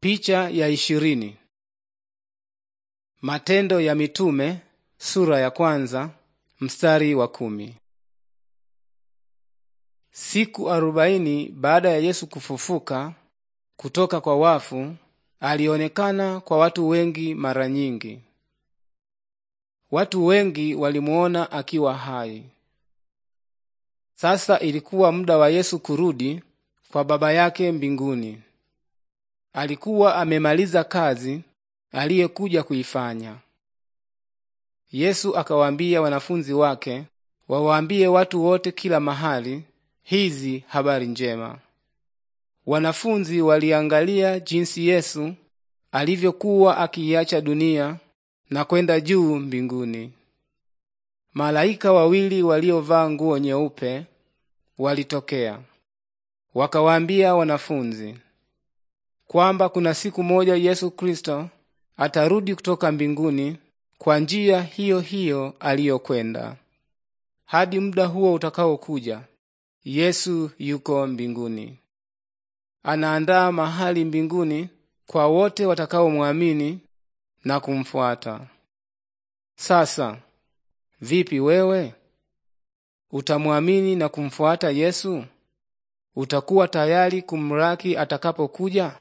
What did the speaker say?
Picha ya ishirini. Matendo ya Mitume sura ya kwanza mstari wa kumi. Siku arobaini baada ya Yesu kufufuka kutoka kwa wafu, alionekana kwa watu wengi mara nyingi. Watu wengi walimuona akiwa hai. Sasa ilikuwa muda wa Yesu kurudi kwa Baba yake mbinguni alikuwa amemaliza kazi aliyekuja kuifanya. Yesu akawaambia wanafunzi wake wawaambie watu wote kila mahali hizi habari njema. Wanafunzi waliangalia jinsi Yesu alivyokuwa akiiacha dunia na kwenda juu mbinguni. Malaika wawili waliovaa nguo nyeupe walitokea, wakawaambia wanafunzi, kwamba kuna siku moja Yesu Kristo atarudi kutoka mbinguni kwa njia hiyo hiyo aliyokwenda. Hadi muda huo utakaokuja, Yesu yuko mbinguni, anaandaa mahali mbinguni kwa wote watakaomwamini na kumfuata. Sasa vipi wewe? Utamwamini na kumfuata Yesu? Utakuwa tayari kumraki atakapokuja?